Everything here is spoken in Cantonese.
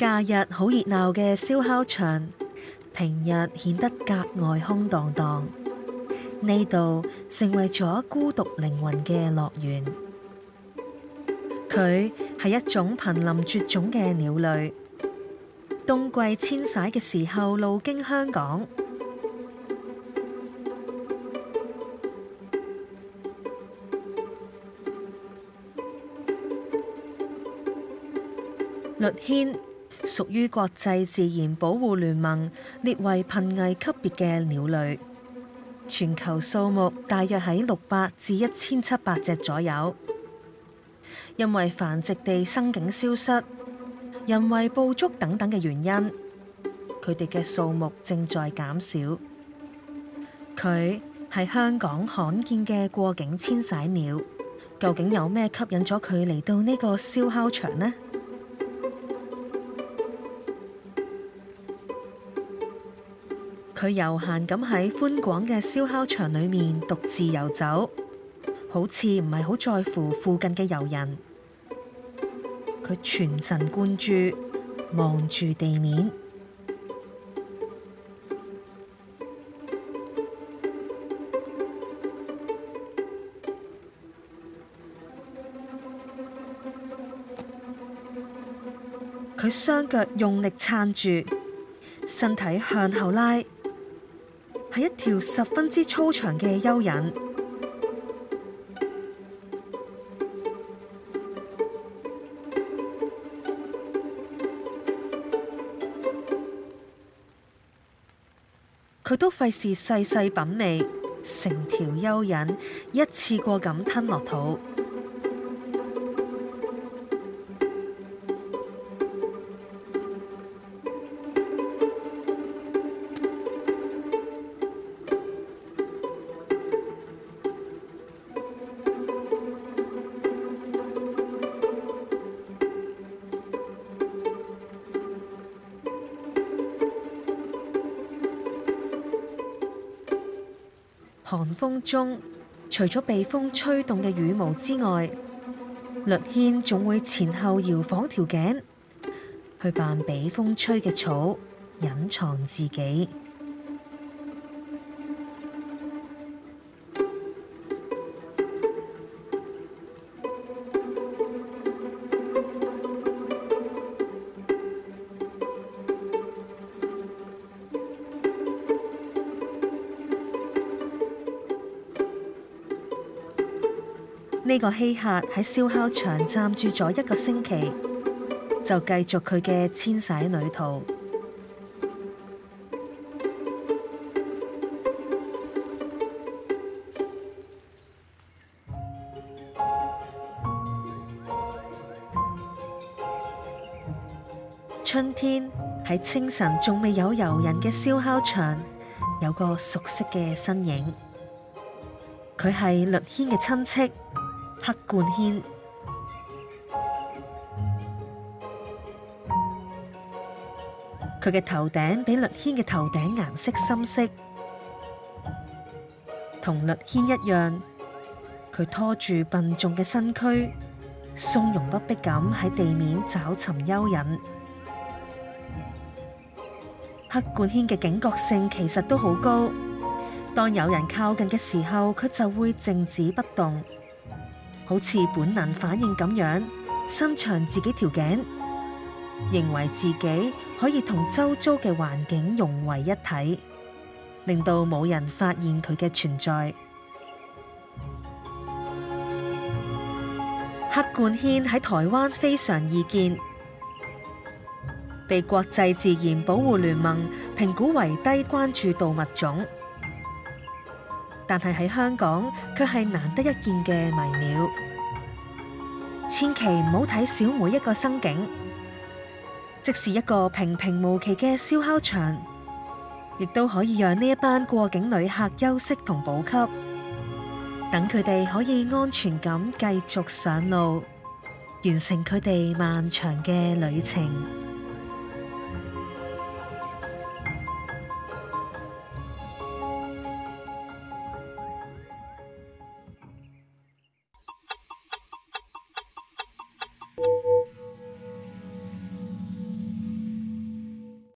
假日好熱鬧嘅燒烤場，平日顯得格外空蕩蕩。呢度成為咗孤獨靈魂嘅樂園。佢係一種瀕臨絕種嘅鳥類，冬季遷徙嘅時候路經香港。栗鳽。屬於國際自然保護聯盟列為瀕危級別嘅鳥類，全球數目大約喺六百至一千七百隻左右。因為繁殖地生境消失、人為捕捉等等嘅原因，佢哋嘅數目正在減少。佢係香港罕見嘅過境遷徙鳥，究竟有咩吸引咗佢嚟到呢個燒烤場呢？佢悠閒咁喺寬廣嘅燒烤場裏面獨自游走，好似唔係好在乎附近嘅遊人。佢全神貫注，望住地面，佢雙腳用力撐住，身體向後拉。係一條十分之粗長嘅蚯蚓，佢 都費事細細品味，成條蚯蚓一次過咁吞落肚。寒風中，除咗被風吹動嘅羽毛之外，栗鳽仲會前後搖晃條頸，去扮被風吹嘅草，隱藏自己。呢個稀客喺燒烤場暫住咗一個星期，就繼續佢嘅遷徙旅途。 春天喺清晨仲未有遊人嘅燒烤場，有個熟悉嘅身影。佢係律軒嘅親戚。黑冠鳽，佢嘅頭頂比栗鳽嘅頭頂顏色深色，同栗鳽一樣，佢拖住笨重嘅身軀，從容不迫咁喺地面找尋蚯蚓。黑冠鳽嘅警覺性其實都好高，當有人靠近嘅時候，佢就會靜止不動。好似本能反應咁樣，伸長自己條頸，認為自己可以同周遭嘅環境融為一體，令到冇人發現佢嘅存在。 黑冠鳽喺台灣非常易見，被國際自然保護聯盟評估為低關注度物種。但係喺香港，卻係難得一見嘅迷鳥。千祈唔好睇小每一個生境，即使一個平平無奇嘅燒烤場，亦都可以讓呢一班過境旅客休息同補給，等佢哋可以安全咁繼續上路，完成佢哋漫長嘅旅程。